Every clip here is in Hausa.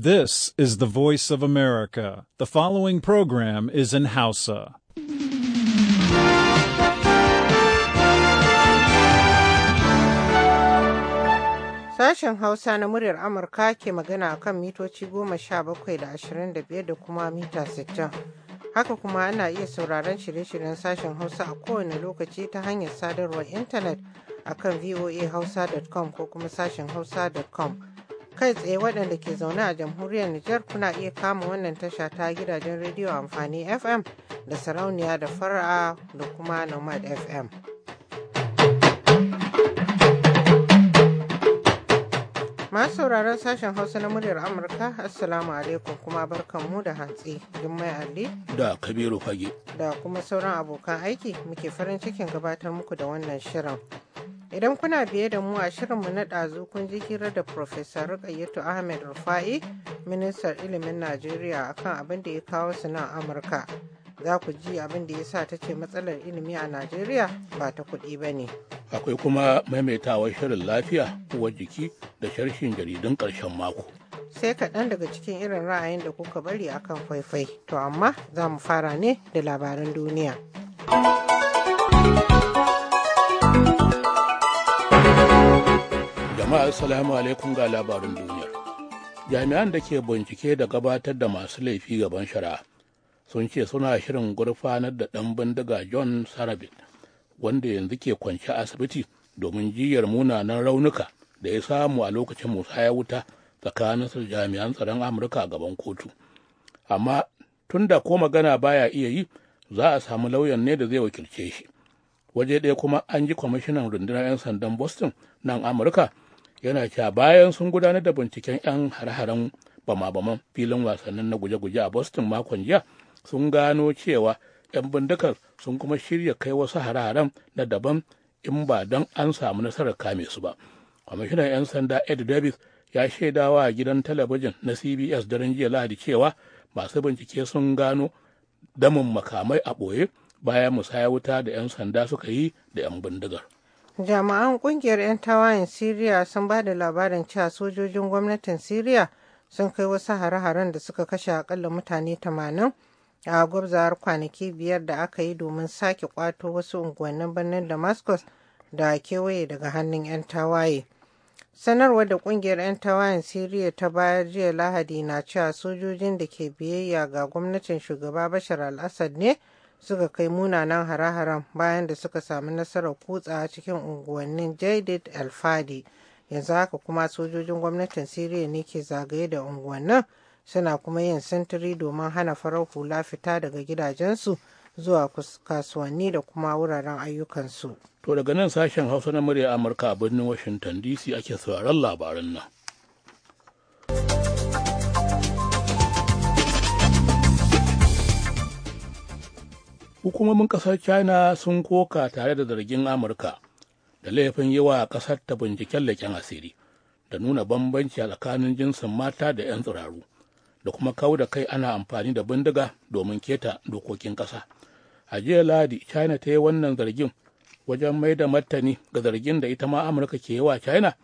This is the voice of America. The following program is in Hausa. Sashen Hausa na muryar Amurka ke magana akan mitoci goma sha bakwai da ashirin da biyar da kuma mita sittin. Haka kuma ana iya sauraron shirye-shiryen sashen Hausa a kowane lokaci ta hanyar sadarwar intanet akan voahausa.com ko kuma sashen hausa.com. kai tsaye waɗanda ke zaune a jamhuriyar Nijar kuna iya kama wannan tasha ta gidajen rediyo amfani FM da sarauniya da fara'a da kuma Nomad FM. Masu sauraron sashen Hausa na muryar Amurka, Assalamu alaikum kuma barkanmu da hantsi, Jummai alli. Da Kabiru Fage. Da kuma sauran abokan aiki muke farin cikin gabatar muku da wannan shirin. Idan kuna biye da mu a shirin mu na ɗazu kun ji hira da Profesa Rukayyatu Ahmed Rufa'i, Ministan Ilimin Najeriya akan abin da ya kawo su nan Amurka. Za ku ji abin da ya sa ta ce matsalar ilimi a Najeriya ba ta kuɗi ba ne. akwai kuma maimaitawar shirin lafiya uwar jiki da sharshin jaridun ƙarshen mako sai kaɗan daga cikin irin ra'ayin da kuka bari akan faifai to amma za mu fara ne da labaran duniya jama'a Salamu alaikum ga labarin duniya jami'an da ke bincike da gabatar da masu laifi gaban shari'a sun ce suna shirin gurfanar da ɗan bindiga john sarabin wanda yanzu ke kwance asibiti domin jiyar munanan raunuka da ya samu a lokacin musa ya wuta tsakanin jami'an tsaron amurka a gaban kotu amma tun da ko magana baya iya yi za a samu lauyan ne da zai wakilce shi waje ɗaya kuma an ji kwamishinan rundunar 'yan sandan boston nan amurka yana cewa bayan sun gudanar da binciken 'yan har-haren bama-baman filin wasannin na guje-guje a boston makon jiya sun gano cewa 'yan bindigar sun kuma shirya kai wasu hare-haren na daban in ba don an samu nasarar kame su ba kwamishinan 'yan sanda ed davis ya shaidawa a gidan talabijin na cbs daren jiya lahadi cewa masu bincike sun gano damin makamai a ɓoye bayan musaya wuta da 'yan sanda suka yi da 'yan bindigar jami'an kungiyar 'yan tawayen siriya sun ba da labarin cewa sojojin gwamnatin siriya sun kai wasu hare-haren da suka kashe akalla mutane 80 a gwabzawar kwanaki biyar da aka yi domin sake kwato wasu unguwannin birnin damascus da kewaye daga hannun 'yan tawaye sanarwar da kungiyar 'yan tawayen siriya ta bayar jiya lahadi na cewa sojojin da ke biyayya ga gwamnatin shugaba bashar al-assad ne suka kai munanan hare-haren bayan da suka samu nasarar kutsa cikin unguwannin jadid al-fadi yanzu haka kuma sojojin gwamnatin siriya ne ke zagaye da unguwannin suna kuma yin sintiri domin hana farar hula fita daga gidajensu zuwa kasuwanni da kuma wuraren ayyukansu. To daga nan sashen Hausa na murya Amurka a birnin Washington DC ake sauraron labaran nan. Hukumomin ƙasar China sun koka tare da zargin Amurka da laifin yawa a ƙasar ta binciken leƙen asiri da nuna bambanci a tsakanin jinsin mata da 'yan tsiraru. da kuma kawo da kai ana amfani da bindiga domin keta dokokin ƙasa a jiya ladi china ta yi wannan zargin wajen mai da martani ga zargin da ita ma amurka ke yi wa china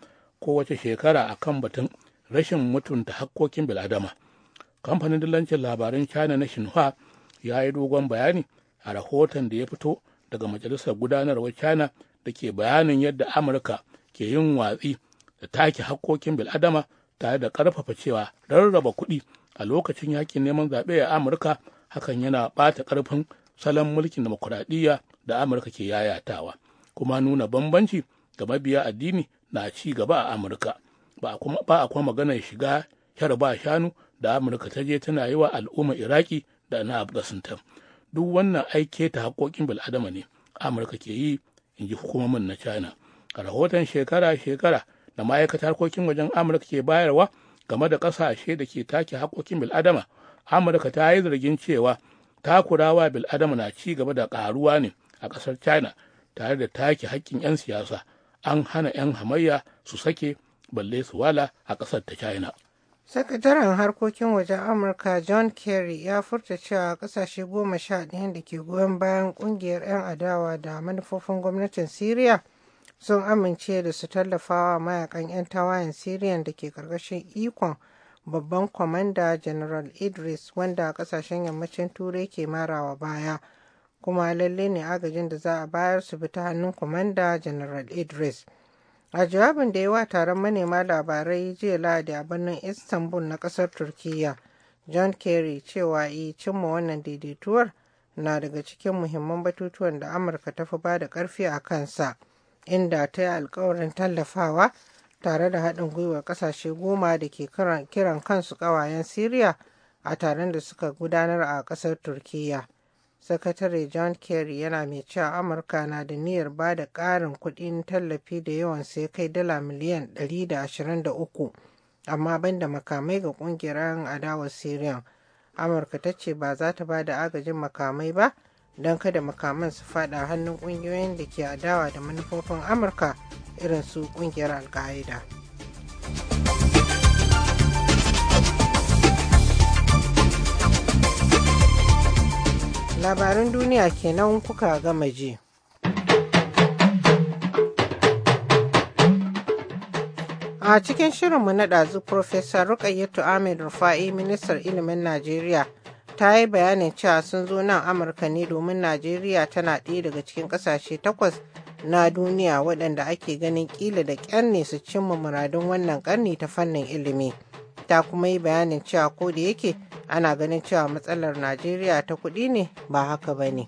kowace shekara a kan batun rashin mutunta hakkokin biladama kamfanin dillancin labarin china na shinhua ya yi dogon bayani a rahoton da ya fito daga majalisar gudanarwar china da ke bayanin yadda amurka ke yin watsi da take hakkokin biladama tare da ƙarfafa cewa rarraba kuɗi a lokacin yakin neman zaɓe a amurka hakan yana ɓata ƙarfin salon mulkin demokuraɗiyya da amurka ke yayatawa kuma nuna bambanci ga mabiya addini na ci gaba a amurka ba a kuma maganar shiga yar ba shanu da amurka ta je tana yi wa al'umma iraki da na afghanistan duk wannan aike ta haƙoƙin bil'adama ne amurka ke yi in ji hukumomin na china a rahoton shekara-shekara da ma'aikatar harkokin wajen amurka ke bayarwa game da ƙasashe da ke take haƙoƙin bil'adama amurka ta yi zargin cewa takurawa bil'adama na ci gaba da ƙaruwa ne a ƙasar china tare da take haƙƙin 'yan siyasa an hana 'yan hamayya su sake balle su wala a ƙasar ta china sakataren harkokin wajen amurka john kerry ya furta cewa ƙasashe goma sha ɗaya da ke goyon bayan ƙungiyar 'yan adawa da manufofin gwamnatin syria sun amince da su tallafawa mayakan 'yan tawayen syrian da ke karkashin ikon babban kwamanda general idris wanda kasashen yammacin turai ke marawa baya kuma lalle ne agajin da za a bayar su bi ta hannun kwamanda general idris a jawabin da ya wa taron manema labarai jiya lahadi a birnin istanbul na kasar turkiyya john kerry cewa yi e, cimma wannan daidaituwar na daga cikin muhimman batutuwan da amurka ta fi ba da karfi a kansa. inda ta yi alkawarin tallafawa tare da haɗin gwiwar ƙasashe goma da ke kiran kansu ƙawayen Siriya a taron da suka gudanar a ƙasar Turkiyya. Sakatare John Kerry yana mai cewa Amurka na da niyyar ba da ƙarin kuɗin tallafi da yawan sai kai dala miliyan 123 amma banda makamai ga ƙungiyar adawar Siriyan. Amurka ta ce ba za ta ba da agajin makamai ba don kada makaman su fada hannun kungiyoyin da ke adawa da manufofin amurka irin su kungiyar alka'ida labarin duniya ke kenan kuka gama ji a cikin shirinmu na ɗazu Profesa rukayyatu ahmed rufa'i ministar ilimin najeriya ta yi bayanin cewa sun zo nan amurka ne domin najeriya tana ɗaya daga cikin ƙasashe takwas na duniya waɗanda ake ganin ƙila da ƙyar su cimma muradun wannan ƙarni ta fannin ilimi ta kuma yi bayanin cewa ko da yake ana ganin cewa matsalar najeriya ta kuɗi ne ba haka ba ne.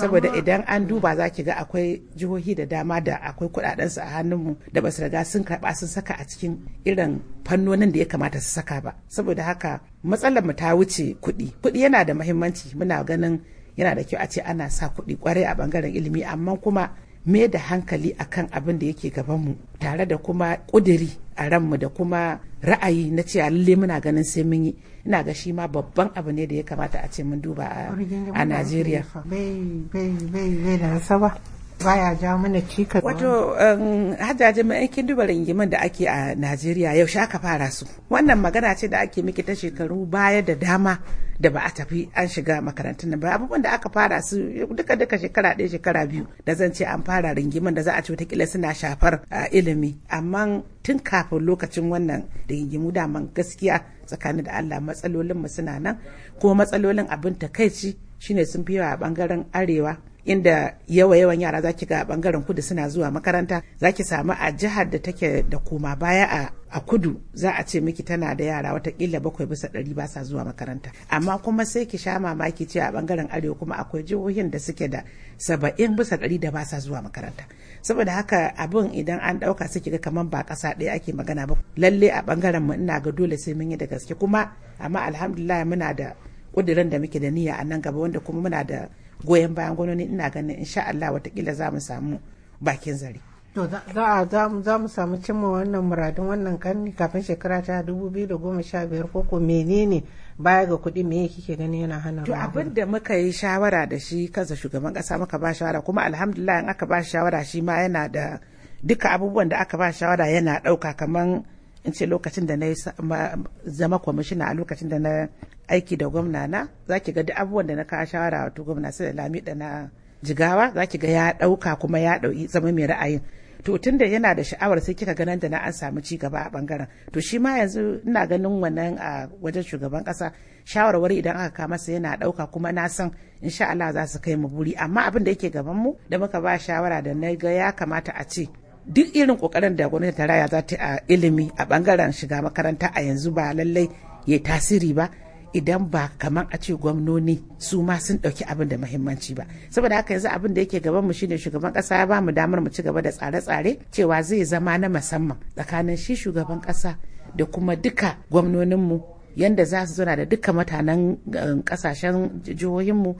saboda idan an duba mm. za ki ga akwai jihohi da dama da akwai kudadensu a hannunmu da basu riga sun karba sun saka a cikin irin fannonin da ya kamata su saka ba saboda haka matsalar mu ta wuce kuɗi kuɗi yana da muhimmanci muna ganin yana da kyau a ce ana sa kuɗi kwarai a bangaren ilimi amma kuma me da hankali akan abin da yake gabanmu tare da kuma ƙudiri a ranmu da kuma ra'ayi na cewa lalle muna ganin sai mun yi ina ga shi ma babban abu ne da ya kamata a ce mun duba a Najeriya. Bai baya ja mana cikas wato um, hajjaji mai aikin duba ringiman da ake a najeriya yau yaushe aka fara su wannan magana ce da ake miki ta shekaru baya da dama da ba a tafi an shiga makarantun nan ba abubuwan da aka fara su duka duka shekara ɗaya shekara biyu da zan ce an fara ringiman da za a ce kila suna shafar ilimi amma tun kafin lokacin wannan rigimu daman gaskiya tsakanin da allah matsalolin mu suna nan kuma matsalolin abin takaici shine sun fi yawa a bangaren arewa inda yawa yawan yara zaki ga bangaren kudu suna zuwa makaranta zaki samu a jihar da take da koma baya a a kudu za a ce miki tana da yara watakila bakwai bisa ɗari ba sa zuwa makaranta amma kuma sai ki sha mamaki ce a bangaren arewa kuma akwai jihohin da suke da saba'in bisa ɗari da ba sa zuwa makaranta saboda haka abin idan an ɗauka su ga kamar ba ƙasa ɗaya ake magana ba lalle a bangaren mu ina ga dole sai mun yi da gaske kuma amma alhamdulillah muna da ƙudurin da muke da niyya a nan gaba wanda kuma muna da goyon bayan gwanoni ina ganin insha Allah watakila za mu samu bakin zare. To za mu samu cimma wannan muradun wannan karni kafin shekara ta dubu biyu da goma sha biyar ko ko menene baya ga kuɗi me kike gani yana hana To abin da muka yi shawara da shi kansa shugaban ƙasa muka ba shawara kuma alhamdulillah in aka ba shawara shi ma yana da duka abubuwan da aka ba shawara yana ɗauka kaman in ce lokacin da na yi zama kwamishina a lokacin da na aiki da gwamna na za ki ga duk abubuwan da na ka shawara wato gwamna sai da lami da na jigawa za ki ga ya ɗauka kuma ya ɗauki zama mai ra'ayin to tun da yana da sha'awar sai kika ganin da na an samu ci gaba a bangaren to shi ma yanzu ina ganin wannan a wajen shugaban kasa shawarwari idan aka kama masa yana ɗauka kuma na san sha Allah za su kai mu buri amma abin da yake gaban mu da muka ba shawara da na ga ya kamata a ce duk irin kokarin da gwamnati ta raya za ta a ilimi a bangaren shiga makaranta a yanzu ba lallai ya tasiri ba idan ba kamar a ce gwamnoni su ma sun ɗauki abin da muhimmanci ba saboda haka yanzu abin da yake gaban mu shine shugaban ƙasa ya ba mu damar mu ci gaba da tsare-tsare cewa zai zama na musamman tsakanin shi shugaban ƙasa da kuma duka gwamnoninmu yanda za su zauna da duka mutanen eh, ƙasashen jihohinmu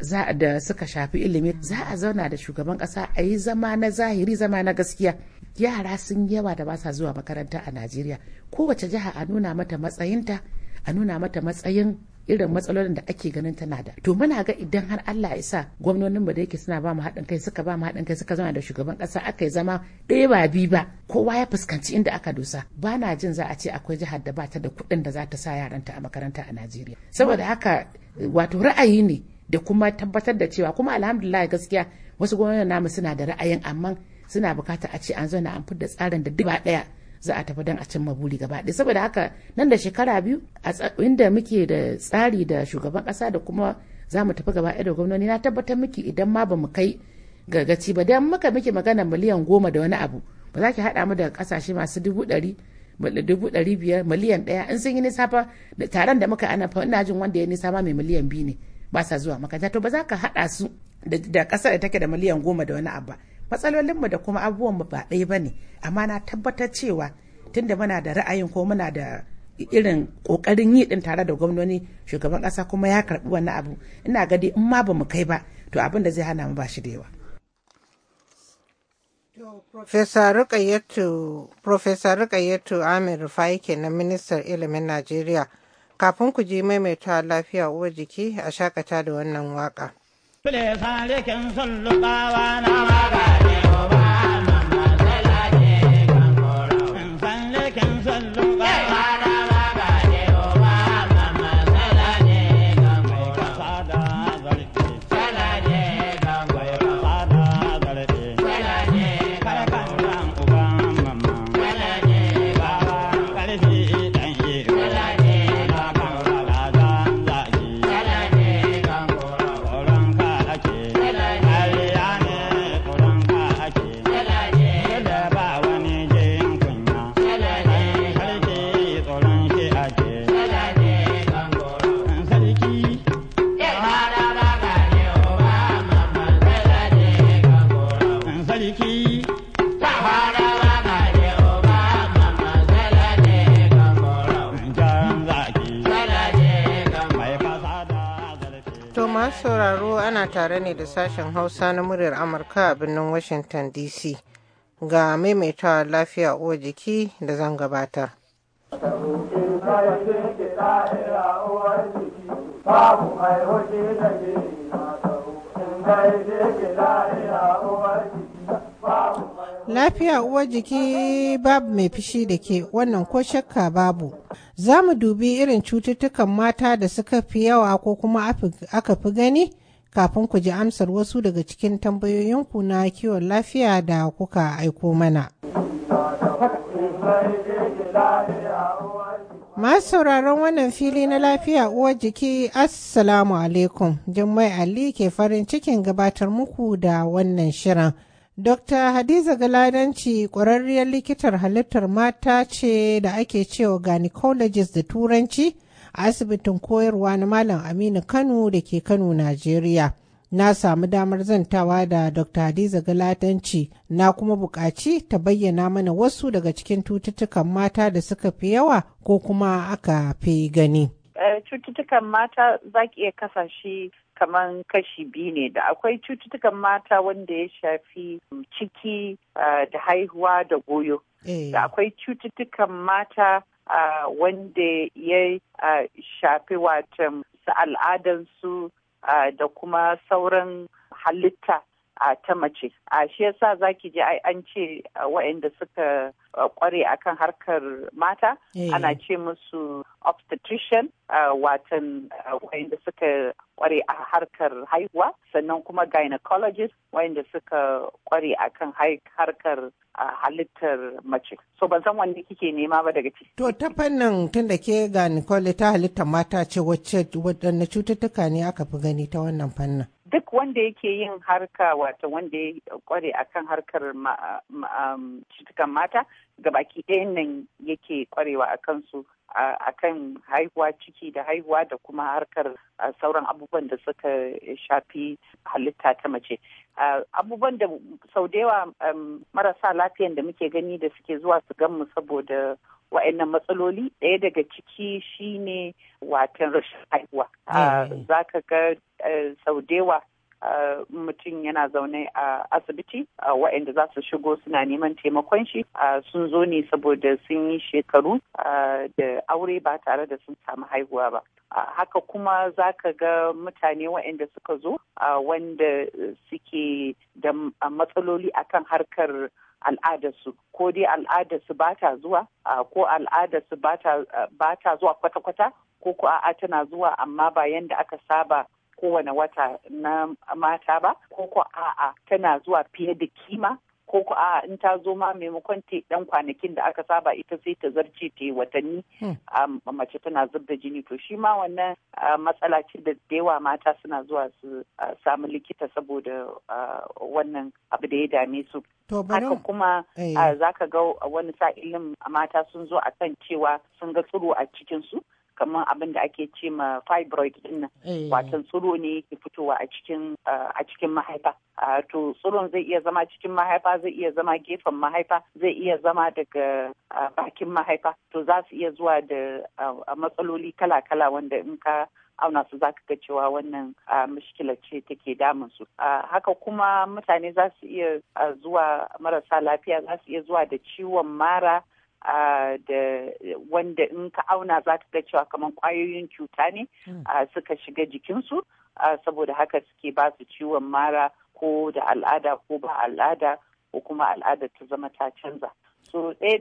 za da suka shafi ilimi za a zauna da shugaban ƙasa a yi zama na zahiri zama na gaskiya yara sun yawa da ba sa zuwa makaranta a najeriya kowace jiha a nuna mata matsayinta a nuna mata matsayin irin matsalolin da ake ganin tana da to muna ga idan har Allah ya sa gwamnonin mu da yake suna ba mu haɗin kai suka ba mu haɗin kai suka zama da shugaban kasa aka yi zama ɗaya ba bi ba kowa ya fuskanci inda aka dosa ba na jin za a ce akwai jihar da ba ta da kuɗin da za ta sa yaranta a makaranta a Najeriya saboda haka wato ra'ayi ne da kuma tabbatar da cewa kuma alhamdulillah gaskiya wasu gwamnonin namu suna da ra'ayin amma suna bukata a ce an zauna an da tsarin da duk ba ɗaya za a tafi don a cimma buri gaba ɗaya saboda haka nan da shekara biyu a inda muke da tsari da shugaban ƙasa da kuma za mu tafi gaba da gwamnoni na tabbatar miki idan ma ba mu kai gagaci ba dan muka miki magana miliyan goma da wani abu ba za ki haɗa mu da ƙasashe masu dubu ɗari dubu ɗari biyar miliyan ɗaya in sun yi nisa fa da taron da muka ana fa ina jin wanda ya nisa ma mai miliyan biyu ne ba sa zuwa makaranta to ba za ka haɗa su da ƙasar da take da miliyan goma da wani abu ba. matsalolinmu da kuma abubuwanmu ba ɗaya ba ne amma na tabbatar cewa tunda muna da ra'ayin ko muna da irin ƙoƙarin yi din tare da gwamnoni shugaban ƙasa kuma ya karbi wani abu ina gadi in ma bamu kai ba to abin da zai hana mu ba shi da yawa Profesa Rukayetu Amir Rufai na Ministar ilimin Najeriya kafin ku ji maimaita lafiya uwar jiki a shakata da wannan waka. Please sale ken solo baba na tare ne da sashen Hausa na muryar Amurka a birnin Washington DC. Ga maimaitawa lafiya uwa jiki da zan gabata Lafiya uwa jiki babu mai fishi da ke wannan ko shakka babu. Za mu dubi irin cututtukan mata da suka fi yawa ko kuma aka fi gani kafin ku ji amsar wasu daga cikin tambayoyinku na kiwon lafiya da kuka aiko mana. Masu sauraron wannan fili na lafiya uwar jiki Assalamu alaikum, Jummai Ali ke farin cikin gabatar muku da wannan shirin. Dr. Hadiza Galadanci ƙwararriyar likitar halittar mata ce da ake cewa gynecologist da turanci. a asibitin koyarwa na Malam Aminu Kano da ke Kano, Najeriya. Na samu damar zantawa da Dr. Hadiza Galatanci na kuma buƙaci ta bayyana mana wasu daga cikin cututtukan mata da suka fi yawa ko kuma aka fi gani. Eh, cututtukan mata za ki iya kasashe kamar kashi biyu ne da akwai cututtukan mata wanda ya shafi mm, ciki eh, da haihuwa da goyo eh. da akwai cututtukan mata wanda ya shafi watan al'adansu da kuma sauran halitta a ta mace a shi yasa zaki ji an ce waɗanda suka kware akan harkar mata eh. ana ce musu obstetrician watan waɗanda suka kware a harkar haihuwa sannan kuma gynecologist waɗanda suka kware akan harkar halittar mace so ban san wanda kike nema ba daga ciki to ta fannin tunda ke gynecology ta halittar mata ce wacce waɗanne cututtuka ne aka fi gani ta wannan fannin duk wanda yake yin harka wata wanda ya kware akan harkar um, cutukan mata gabaki ɗayan nan yake kwarewa a kansu akan haihuwa ciki da haihuwa da kuma harkar sauran abubuwan da suka shafi halitta ta mace abubuwan da sau da yawa um, marasa lafiyan da muke gani da suke zuwa su gan mu saboda wa'annan matsaloli ɗaya daga ciki shine watan rashin haihuwa eh. za ka ga eh, sau dewa eh, mutum yana zaune a asibiti wa'anda za su shigo suna neman taimakon shi sun zo ne saboda sun yi shekaru da aure ba tare da sun samu haihuwa ba haka kuma za ka ga mutane wa'anda suka zo wanda suke da matsaloli akan harkar al'adarsu ko dai al'adarsu ba ta zuwa ko al'adarsu ba ta zuwa kwata-kwata ko ko a'a tana zuwa amma ba yanda aka saba kowane wata na mata ba ko ko a'a tana zuwa fiye da kima ko ku a in ta zo ma maimakon ta dan kwanakin da aka saba ita sai ta zarce ta yi watanni hmm. a mace tana zub da jini to shi ma wannan matsala ce da yawa mata suna zuwa su samu likita saboda wannan abu da ya dame su haka kuma eh. za ka ga wani sa'ilin mata sun zo a kan cewa sun ga tsuro a cikinsu kamar abin da ake ce ma fibroid din nan eh. watan tsiro ne ke fitowa a cikin a cikin mahaifa to tsiron zai iya zama cikin mahaifa zai iya zama gefen mahaifa zai iya zama daga bakin mahaifa to za su iya zuwa da matsaloli kala-kala wanda in ka auna su za ka ga cewa wannan mashikila ce take damun su haka kuma mutane za su iya zuwa marasa lafiya za su iya zuwa da ciwon mara da wanda in ka auna za ka ga cewa kamar kwayoyin cuta ne hmm. suka shiga jikinsu saboda haka suke ba su ciwon mara ko da al'ada ko ba al'ada ko kuma al'ada ta zama ta canza. so eh,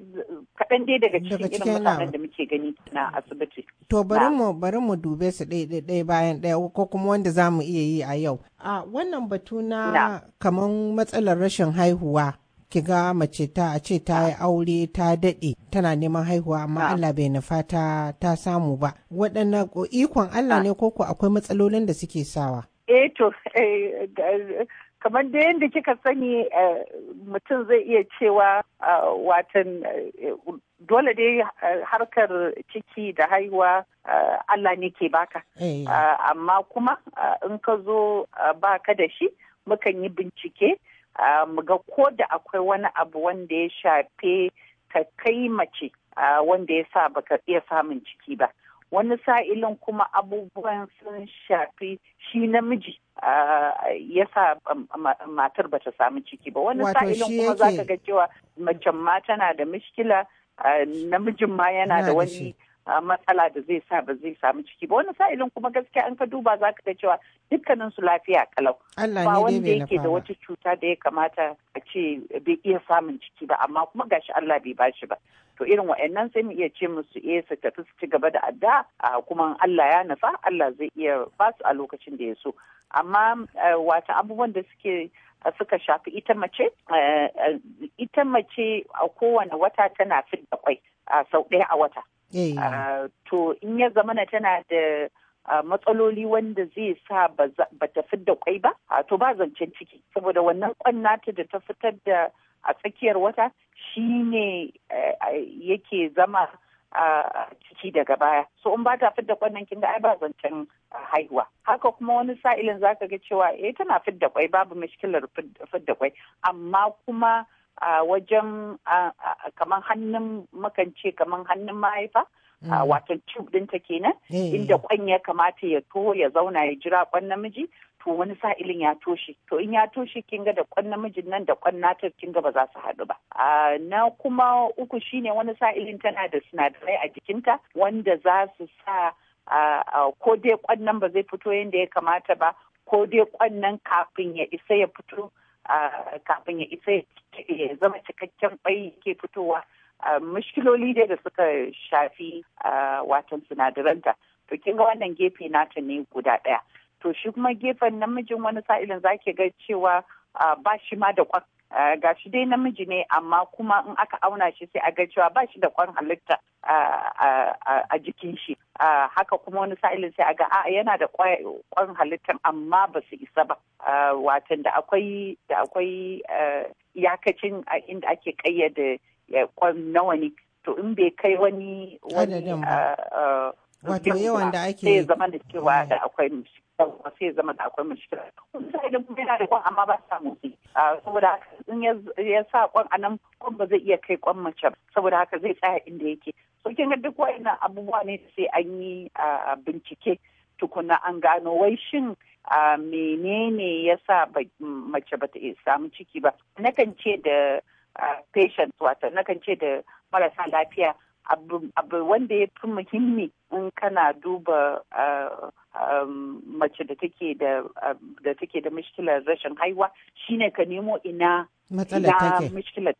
kaɗan dai daga cikin irin mutanen um, da muke gani na asibiti. To bari mu bari mu dube su ɗaya bayan ɗaya ko kuma wanda za mu iya yi a yau. A wannan batu na kaman matsalar rashin haihuwa ki ga mace ta a ce ta yi aure ta daɗe tana neman haihuwa amma Allah bai nufa ta ta samu ba waɗannan ikon Allah ne koko akwai matsalolin da suke sawa eh to eh, kamar da yadda kika sani eh, mutum zai iya cewa ah, watan eh, dole dai harkar ciki da haihuwa Allah ne ke baka ah, amma kuma ah, in ka zo baka da shi mukan yi bincike ga ko da akwai wani abu wanda ya shafe ka kai mace wanda ya sa baka iya samun ciki ba wani sa'ilin kuma abubuwan sun shafi shi namiji ya sa matar bata samu ciki ba wani sa'ilin kuma za ka ga cewa macen ma tana da mishkila namijin ma yana da wani matsala da zai sa ba zai samu ciki ba wani sa'ilin kuma gaskiya an ka duba za ka ga cewa dukkanin su lafiya kalau ba wanda yake da wata cuta da ya kamata a ce bai iya samun ciki ba amma kuma gashi Allah bai bashi ba to irin wa'annan sai mu iya ce musu eh su tafi su ci gaba da adda kuma Allah ya nufa Allah zai iya basu a lokacin da ya so amma eh, wata abubuwan da suke eh, suka shafi ita mace eh, ita mace a kowane wata tana fidda kwai sau ɗaya a wata Eh. Ah, to in ya zamana tana da ah, matsaloli wanda zai sa ba ta fidda kwai ba ah, to ba zancen ciki saboda wannan kwan nata da ta fitar da a tsakiyar wata shi ne eh, yake zama ciki daga baya so in ba ta fidda kwannan kin ga ai ba zancen haihuwa haka kuma wani sa'ilin zaka ga cewa eh tana fidda kwai babu mishkilar fidda kwai amma kuma a wajen kamar hannun makance kamar hannun mahaifa mm. wato tube ɗinta kenan eh. inda kwan ya kamata ya to ya zauna ya jira kwan namiji to wani sa'ilin ya toshe to in ya toshe kin ga da kwan namijin nan da kwan natar kin ga ba za su haɗu ba na kuma uku shine wani sa'ilin tana da sinadarai a jikinta wanda za su sa ko dai kwan nan ba zai fito yadda ya kamata ba ko dai kwan nan kafin ya isa ya fito kafin ya isa ya zama cikakken bai ke fitowa mushkiloli dai da suka shafi watan sinadaranta to kin ga wannan gefe nata ne guda ɗaya to shi kuma gefen namijin wani sa'ilin zaki ga cewa ba shi ma da Eh, ga shi dai namiji ne amma kuma in aka auna shi sai a ga cewa ba shi da kwan halitta eh, eh, a jikin shi haka kuma wani sa'ilin sai a ga a yana da kwan halittan amma ba su isa ba watan da akwai da akwai iyakacin inda ake kayyade kwan nawa ne to in bai kai wani wani wato yawan da ake zama da cewa da akwai yawwa sai zama da akwai mushkila wani sa'idin kuma yana da kwan amma ba sa motsi saboda haka in ya sa kwan anan kwan ba zai iya kai kwan mace saboda haka zai tsaya inda yake so kin ga duk wa'annan abubuwa ne sai an yi bincike tukuna an gano wai shin menene ya sa mace ba ta samu ciki ba nakan ce da patients wato nakan ce da marasa lafiya abu wanda ya fi muhimmi in kana duba mace da take da da rashin haihuwa shine ka nemo ina matsalar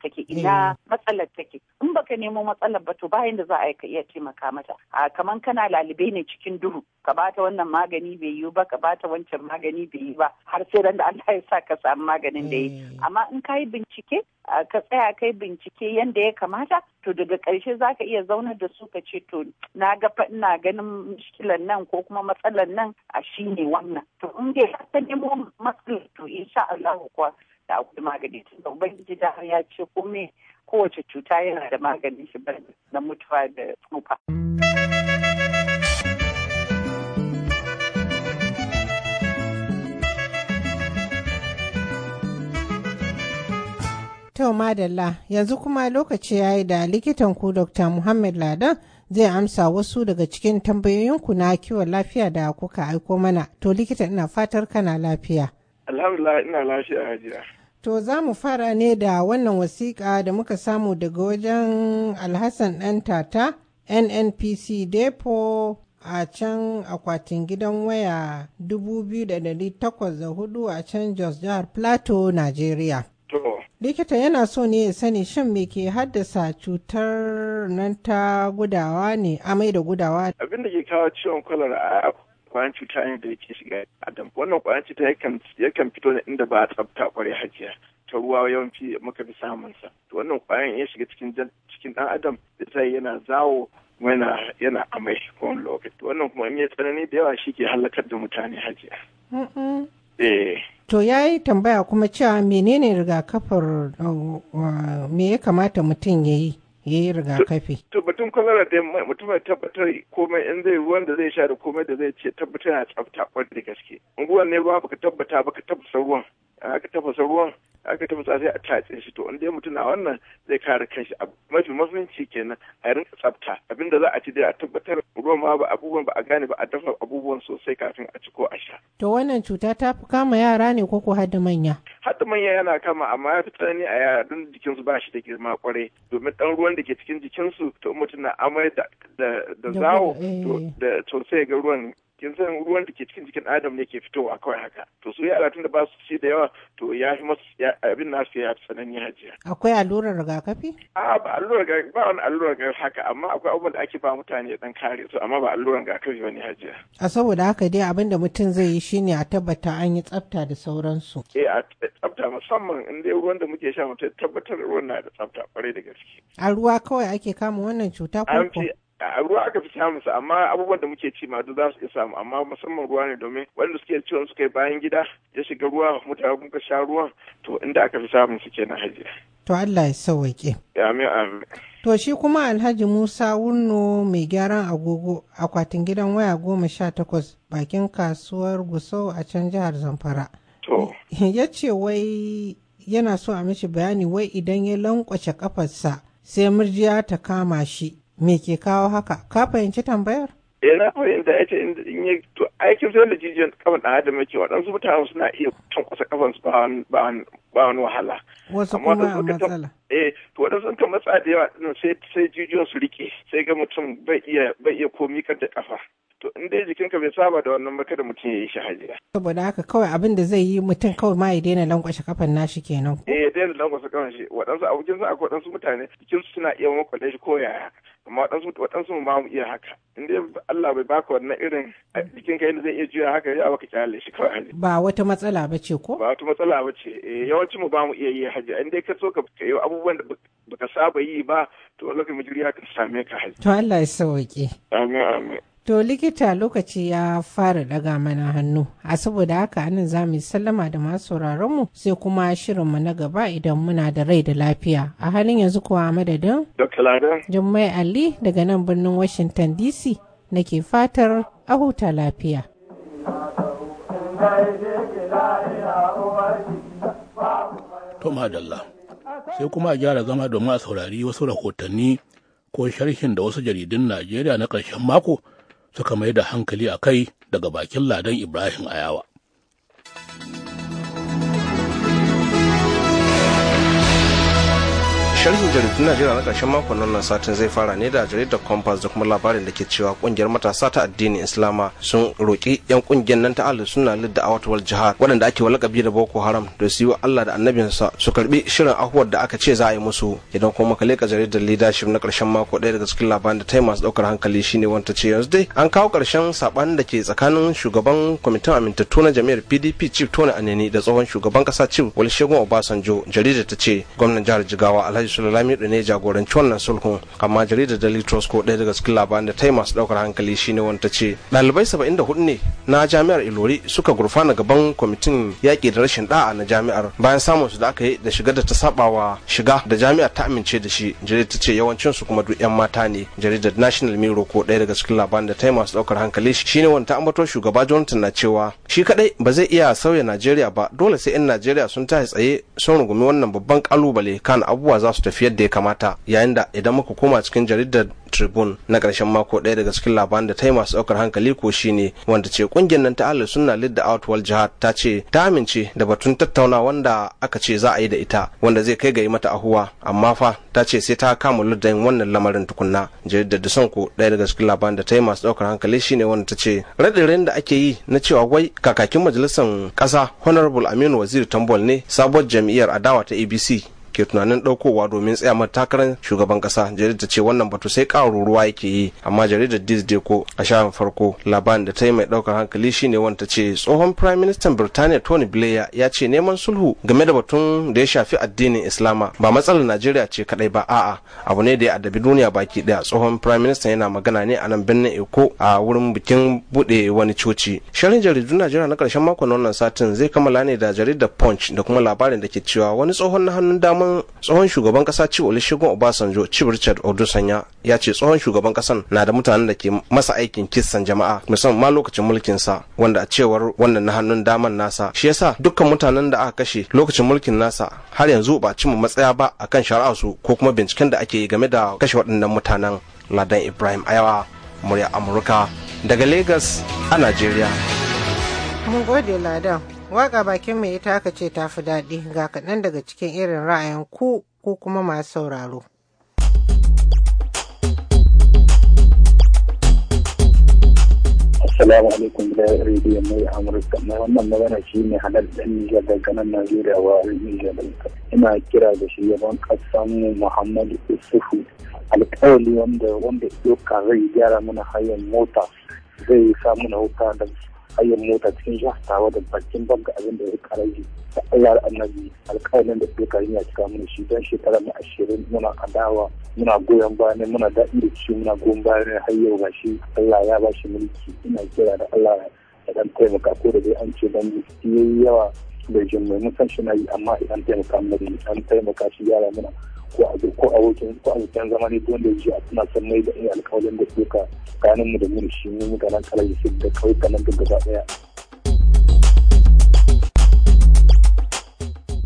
take ina eh. matsalar take in baka nemo matsalar ba to bayan da za a iya taimaka mata a kaman kana lalube ne cikin duhu ka bata wannan magani bai yi ba ka bata wancan magani bai yi ba har sai da Allah ya sa ka samu maganin da yi eh. amma in ka yi bincike ka tsaya kai bincike yanda ya kamata to daga karshe za ka iya zaunar da su ka ce to na ga ina ganin mishkilan nan ko kuma matsalar nan a shine wannan to in dai ka nemo matsalar to insha Allah kuwa da akwai magani tun da ubangiji da har ya ce kome kowace cuta yana da maganin shi na mutuwa da tsufa. Tau Madalla yanzu kuma lokaci ya yi da likitan ku Dr. Muhammad Ladan zai amsa wasu daga cikin tambayoyinku na kiwon lafiya da kuka aiko mana. To likita ina fatar kana lafiya. Alhamdulillah ina lafiya hajiya. To za mu fara ne da wannan wasiƙa da muka samu daga wajen Alhassan ɗan tata NNPC Depo a can akwatin gidan waya 2,804 a can Jos Jihar Plateau, Najeriya. Likita yana so ne ya sani shan me ke haddasa cutar nan ta gudawa ne, amai da gudawa. Abin da ke kawo ciwon kwalara kwayan cuta ne da yake shiga adam wannan kwayan cuta yakan fito ne inda ba a tsafta kwarai hajiya ta ruwa yawanci muka fi samun sa to wannan kwayan ya shiga cikin cikin dan adam sai yana zawo yana yana amai wani lokaci wannan kuma in ya tsanani da yawa shi ke halakar da mutane hajiya eh. To ya yi tambaya kuma cewa menene rigakafar uh, me ya kamata mutum ya yi? yi rigakafi. To batun kwalara da mutum ya tabbatar komai in zai ruwan da zai sha da komai da zai ce tabbatar ya tsafta kwarai da gaske. Unguwan ne ba ka tabbata ba ka tabbasa ruwan. Aka tafasa ruwan aka tafi sai a tatse shi to in dai mutum na wannan zai kare kanshi mafi mafinci kenan a rinka tsafta abinda za a ci dai a tabbatar ruwa ma ba abubuwan ba a gane ba a dafa abubuwan sosai kafin a ci ko a sha. To wannan cuta ta fi kama yara ne ko ko har manya? Har manya yana kama amma ya fi tsanani a yara don jikinsu ba shi da girma kwarai domin dan ruwan da ke cikin jikinsu to mutum na amai da zawo to eh. sai ga ruwan kin san ruwan da ke cikin jikin adam ne ke fitowa kawai haka to su yara tun da ba su ci da yawa to ya fi masu abin nasu ya tsanani hajiya akwai allurar rigakafi a ba allurar rigakafi ba wani allurar rigakafi haka amma akwai abubuwan da ake ba mutane dan kare su amma ba allurar rigakafi ya hajiya a saboda haka dai abin da mutum zai yi shine a tabbata an yi tsafta da sauransu eh a tsafta musamman in dai ruwan da muke sha mutum tabbatar ruwan na da tsafta kwarai da gaske a ruwa kawai ake kama wannan cuta ko a ruwa aka fi samun sa amma abubuwan da muke ci ma duk za su iya samu amma musamman ruwa ne domin wanda suke ciwon suka yi bayan gida ya shiga ruwa mutane ka sha ruwan to inda aka fi samun su kenan haji to Allah ya sauwaƙe amin amin to shi kuma Alhaji Musa Wunno mai gyaran agogo akwatin gidan waya goma sha takwas bakin kasuwar Gusau a can jihar Zamfara to ya ce wai yana so a mishi bayani wai idan ya lankwace kafarsa sai murjiya ta kama shi me ke kawo haka ka fahimci tambayar eh na fahimta ya ce in yi to aikin sai da jijiyar kafan ɗan adam yake waɗansu mutane suna iya tankwasa kafan su ba wani wahala wasu kuma matsala eh to waɗansu kan matsa da yawa sai sai jijiyar su rike sai ga mutum bai iya bai iya komi kan da kafa to in dai jikinka bai saba da wannan ba da mutum ya yi shi hajiya. saboda haka kawai abin da zai yi mutum kawai ma ya daina lankwashe kafan nashi kenan. eh ya daina lankwashe kafan shi waɗansu abokin sa akwai waɗansu mutane jikin su suna iya makwale shi ko yaya amma waɗansu waɗansu ba mu iya haka in dai Allah bai baka wannan irin jikin kai zai iya juya haka ya baka kyale shi kawai ba wata matsala ba ce ko ba wata matsala ba ce eh, yawanci mu ba mu iya yi haji in dai ka so ka yi abubuwan da baka saba yi ba to lokacin mujuriya ka same ka haji to Allah ya sauke amin amin To likita lokaci ya fara daga mana hannu, a saboda haka anan za mu sallama da masu mu sai kuma shirinmu na gaba idan muna da rai da lafiya. A halin yanzu kuwa a madadin? Jummai Ali daga nan birnin Washington DC nake fatar a huta lafiya. To madalla, sai kuma a gyara zama domin a saurari wasu rahotanni ko sharhin da wasu jaridun Najeriya na ƙarshen mako. suka mai da hankali a kai daga bakin ladan Ibrahim Ayawa. sharhin jaridun najeriya na ƙarshen makon nan satin zai fara ne da jaridar compass da kuma labarin da ke cewa kungiyar matasa ta addinin islama sun roƙi yan kungiyar nan ta suna sunna lid da awatwal jihar waɗanda ake walakabi da boko haram da su yi wa allah da annabinsa su karbi shirin ahuwar da aka ce za a yi musu idan kuma ka leka jaridar leadership na karshen mako ɗaya daga cikin labarin da ta yi masu ɗaukar hankali shine wanta ce yanzu dai an kawo karshen saɓanin da ke tsakanin shugaban kwamitin amintattu na jami'ar pdp chief tony aneni da tsohon shugaban ƙasa chief olusegun obasanjo jaridar ta ce gwamnan jihar jigawa alhaji da lamido ne jagoranci wannan sulhun amma jaridar daily trust ko ɗaya daga cikin labaran da ta yi masu ɗaukar hankali shine wanta ce ɗalibai saba'in da hudu ne na jami'ar ilori suka gurfana gaban kwamitin yaƙi da rashin ɗa'a na jami'ar bayan samun su da aka yi da shiga da ta saba shiga da jami'ar ta amince da shi jaridar ta ce yawancin su kuma duk 'yan mata ne jaridar national miro ko ɗaya daga cikin labaran da ta yi masu ɗaukar hankali shine wanta ambato shugaba jonathan na cewa shi kadai ba zai iya sauya najeriya ba dole sai 'yan najeriya sun tashi tsaye sun rungumi wannan babban kalubale kan abubuwa za su tafi yadda ya kamata yayin da idan muka koma cikin jaridar tribune na ƙarshen mako ɗaya daga cikin labaran da ta yi masu ɗaukar hankali ko shi ne wanda ce ƙungiyar nan ta ahlus sunna lidda wal jihad ta ce ta amince da batun tattauna wanda aka ce za a yi da ita wanda zai kai ga yi mata ahuwa amma fa ta ce sai ta kama yin wannan lamarin tukunna jaridar da sanko ɗaya daga cikin labaran da ta yi masu ɗaukar hankali shi ne wanda ta ce raɗin da ake yi na cewa wai kakakin majalisar ƙasa honorable aminu waziri tambol ne sabuwar jam'iyyar adawa ta abc ke tunanin ɗaukowa domin tsaya mata takarar shugaban ƙasa jaridar ce wannan batu sai ƙaro ruwa yake yi amma jaridar ko a shafin farko labarin da ta yi mai ɗaukar hankali shine wanda ce tsohon prime minister birtaniya tony blair ya ce neman sulhu game da batun da ya shafi addinin islama ba matsalar najeriya ce kadai ba a'a abu ne da ya addabi duniya baki daya tsohon prime minister yana magana ne a nan birnin eko a wurin bikin buɗe wani coci sharin jaridun najeriya na ƙarshen makon wannan satin zai kammala ne da jaridar punch da kuma labarin da ke cewa wani tsohon na hannun damar tsohon tsohon shugaban kasa ci olusegun obasanjo ci richard odusanya ya ce tsohon shugaban kasan na da mutanen da ke masa aikin kissan jama'a musamman ma lokacin mulkin sa wanda a cewar wannan na hannun daman nasa shi yasa dukkan mutanen da aka kashe lokacin mulkin nasa har yanzu ba cimma matsaya ba akan shari'a su ko kuma binciken da ake yi game da kashe waɗannan mutanen ladan ibrahim ayawa murya amurka daga lagos a najeriya mun gode ladan Waka bakin mai ita aka ce ta fi daɗi ga kaɗan daga cikin irin ra'ayin ku ko kuma masu sauraro. Assalamu alaikum da rediyon mai Amurka. Na wannan magana shi ne halar ɗan Nijar daga ganin Najeriya wa Nijar Ina kira da shi shugaban ƙasan Muhammadu Isufu. Alƙawali wanda wanda ya ɗauka zai gyara mana hanyar mota zai sa mana wuta da hayyar mota cikin jihar tawa da bakin banka abin da ya karai da allah annabi alƙawarin da suka yi ya cika mana shi don shekara na ashirin muna adawa muna goyon ba ne muna daɗi da shi muna goyon ba ne har yau ga shi allah ya ba shi mulki ina kira da allah ya ɗan taimaka ko da bai an ce don yi. yawa bai jin mai musan shi na yi amma idan taimaka mai an taimaka shi yara mana ko a ko a wajen ko a wajen zama ne wanda ji a suna san mai da ni alƙawarin da suka kanin mu da mu shi mu mutanen kalar su da kawai kauyukan nan gaba daya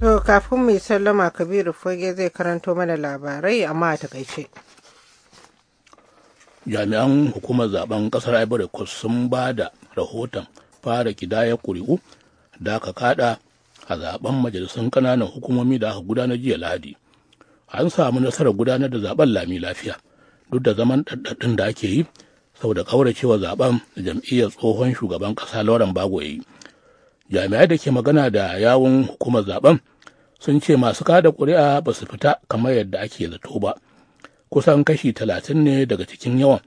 To kafin mai sallama Kabiru fage zai karanto mana labarai amma a takaice. Jami'an hukumar zaben kasar Ivory Coast sun ba da rahoton fara kidaya kuri'u da aka kada a zaben majalisun ƙananan hukumomi da aka gudanar jiya lahadi an samu nasarar gudanar da zaben lami lafiya duk da zaman ɗaɗɗaɗɗin da ake yi sau saboda cewa zaben da jam'iyyar tsohon shugaban ƙasa lauren bago ya yi jami'ai da ke magana da yawun hukumar zaben sun ce masu kada ƙuri'a ba su fita kamar yadda ake zato ba kusan kashi talatin ne daga cikin yawan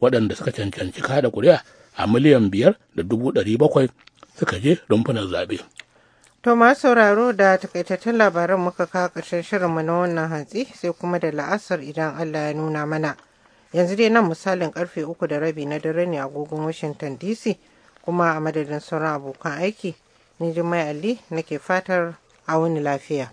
waɗanda suka cancanci kada ƙuri'a a miliyan biyar da dubu ɗari bakwai suka je rumfunan zaɓe To ma sauraro da takaitattun labaran muka kawo ƙarshen shirinmu na wannan hantsi sai kuma da la'asar idan Allah ya nuna mana. Yanzu dai nan misalin karfe uku da rabi na dare ne agogon Washington DC kuma a madadin sauran abokan aiki. Ni Jummai Ali nake fatar a wani lafiya.